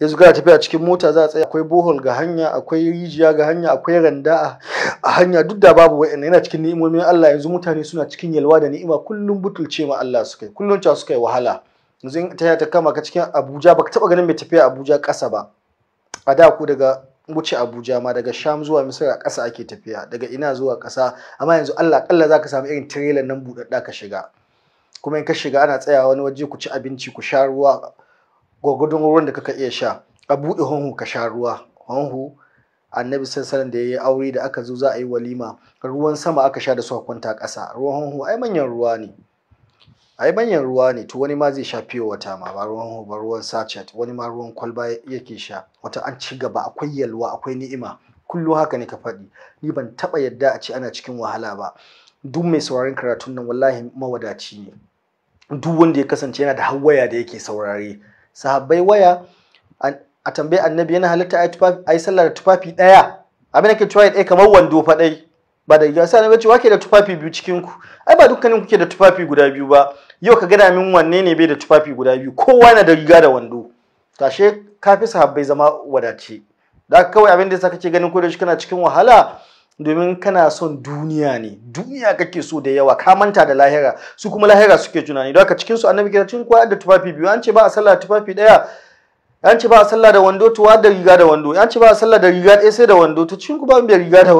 yanzu kana tafiya cikin mota za a tsaya akwai bohol ga hanya akwai rijiya ga hanya akwai randa a hanya duk da babu wa'in yana cikin ni'imomin Allah yanzu mutane suna cikin yalwa da ni'ima kullum butulce ma Allah su kai kullum ta su kai wahala yanzu in ta ta kama ka cikin Abuja baka taba ganin mai tafiya Abuja ƙasa ba a da ku daga wuce Abuja ma daga Sham zuwa Misira a ƙasa ake tafiya daga ina zuwa ƙasa amma yanzu Allah kalla zaka samu irin trailer nan Da ka shiga kuma in ka shiga ana tsayawa wani waje ku ci abinci ku sha ruwa gwagwadon ruwan da kaka iya sha a buɗe honhu ka sha ruwa honhu annabi sassan da ya yi aure da aka zo za a yi walima ruwan sama aka sha da su kwanta ƙasa ruwan honhu ai manyan ruwa ne ai manyan ruwa ne to wani ma zai sha fiye wata ma ba ruwan honhu ba ruwan sachet wani ma ruwan kwalba yake sha wata an ci gaba akwai yalwa akwai ni'ima kullum haka ne ka faɗi ni ban taɓa yadda a ce ana cikin wahala ba duk mai sauraron karatun nan wallahi mawadaci ne duk wanda ya kasance yana da hawaya da yake saurare sahabbai waya a tambayi annabi yana halitta a yi sallah da tufafi ɗaya abin da ke cewa ɗaya kamar wando faɗai. ɗai ba da riga sai annabi ce wake da tufafi biyu cikin ku ai ba dukkanin kuke da tufafi guda biyu ba yau ka gada min wanne ne bai da tufafi guda biyu kowa na da riga da wando tashe kafi sahabbai zama wadace da kawai abin da saka ce ganin ko da shi kana cikin wahala domin kana son duniya ne duniya kake so da yawa ka manta da lahira su kuma lahira suke tunani don haka cikin su annabi kira cikin kwa da tufafi biyu an ce ba a sallah tufafi daya an ce ba a sallah da wando tuwa da riga da wando an ce ba a sallah da riga ɗaya sai da wando to cikin ku ba da riga da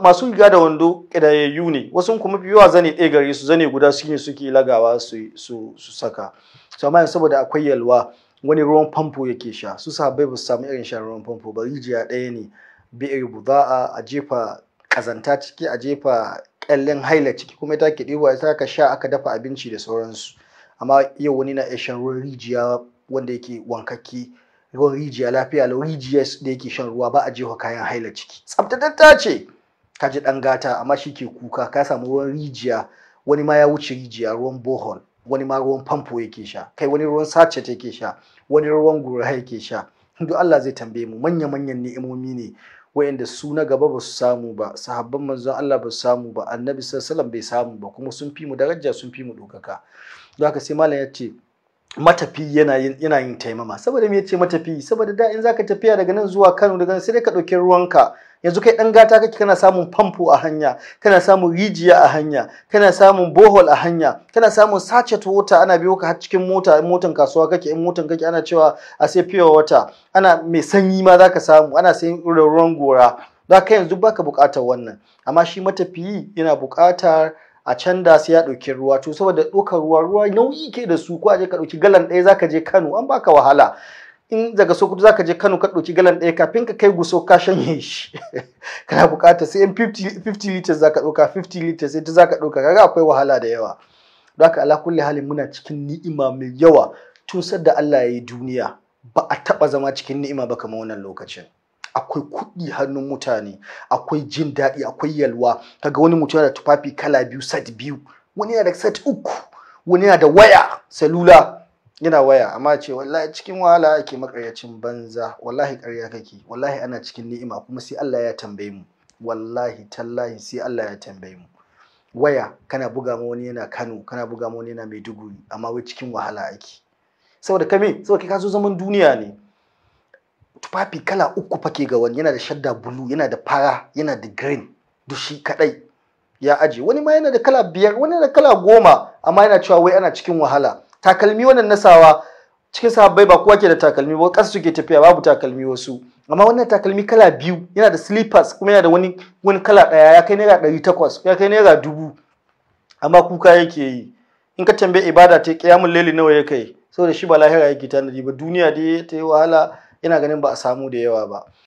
masu riga da wando kidayayyu ne wasu kuma fi yawa zane ɗaya gare su zane guda suke suke lagawa su saka to amma saboda akwai yalwa wani ruwan famfo yake sha su sahabbai ba su samu irin shan ruwan famfo ba rijiya ɗaya ne bi'ir buda'a a jefa kazanta ciki a jefa kyallen haila ciki kuma ita ke ɗiba ita ka sha aka dafa abinci da sauransu amma yau wani na shan ruwan rijiya wanda yake wankakki ruwan rijiya lafiya lau rijiya da yake shan ruwa ba a jefa kayan haila ciki ta ce ka ji ɗan gata amma shi ke kuka ka samu ruwan rijiya wani ma ya wuce rijiya ruwan bohol wani ma ruwan famfo yake sha kai wani ruwan sace yake sha wani ruwan gura yake sha duk Allah zai tambaye mu manya manyan ni'imomi ne wayanda su na gaba ba su samu ba sahabban manzon Allah ba su samu ba annabi sallallahu bai samu ba kuma sun fi mu daraja sun fi mu dokaka don haka sai malam ya ce matafi yana yin yana yin taimama saboda me yace matafi saboda da in zaka tafiya daga nan zuwa Kano daga nan sai ka dauki ruwanka yanzu kai ɗan gata kake kana samun famfo a hanya kana samun rijiya a hanya kana samun bohol a hanya kana samun sachet water ana biyo ka har cikin mota motan kasuwa kake in motan kake ana cewa a sai pure water ana mai sanyi ma zaka samu ana sayin ruwan gora za ka yanzu baka bukatar wannan amma shi matafiyi yana buƙatar a can da sai ya ɗauki ruwa to saboda ɗaukar ruwa ruwa nauyi ke da su ko a je ka ɗauki galan ɗaya zaka je Kano an baka wahala in daga Sokoto zaka je Kano ka ɗauki galan ɗaya kafin ka kai guso ka shanye shi kana bukata sai in 50 liters zaka ɗauka 50 liters ta zaka ɗauka kaga akwai wahala da yawa don haka ala kulli halin muna cikin ni'ima mai yawa tun da Allah ya yi duniya ba a taɓa zama cikin ni'ima ba kamar wannan lokacin akwai kuɗi hannun mutane akwai jin daɗi akwai yalwa kaga wani mutum yana da tufafi kala biyu set biyu wani yana da set uku wani yana da waya salula yana waya amma ce wallahi cikin wahala ake makaryacin banza wallahi ƙarya kake wallahi ana cikin ni'ima kuma sai Allah ya tambaye mu wallahi tallahi sai Allah ya tambaye mu waya kana buga ma wani yana Kano kana buga ma wani yana Maiduguri amma wai cikin wahala ake saboda kame saboda ka zo zaman duniya ne tufafi kala uku fake ga wani yana da shadda bulu yana da fara yana da green dushi kadai ya aje wani ma yana da kala biyar wani da kala goma amma yana cewa wai ana cikin wahala takalmi wannan nasawa cikin sahabbai ba kowa ke da takalmi ba kasa suke tafiya babu takalmi wasu amma wannan takalmi kala biyu yana da slippers kuma yana da wani wani kala ɗaya ya kai naira ɗari takwas ya kai naira dubu amma kuka yake yi in ka tambaye ibada ta kiyamun laili nawa ya kai saboda shi ba lahira yake tanadi ba duniya dai ta yi wahala yana ganin ba a samu da yawa ba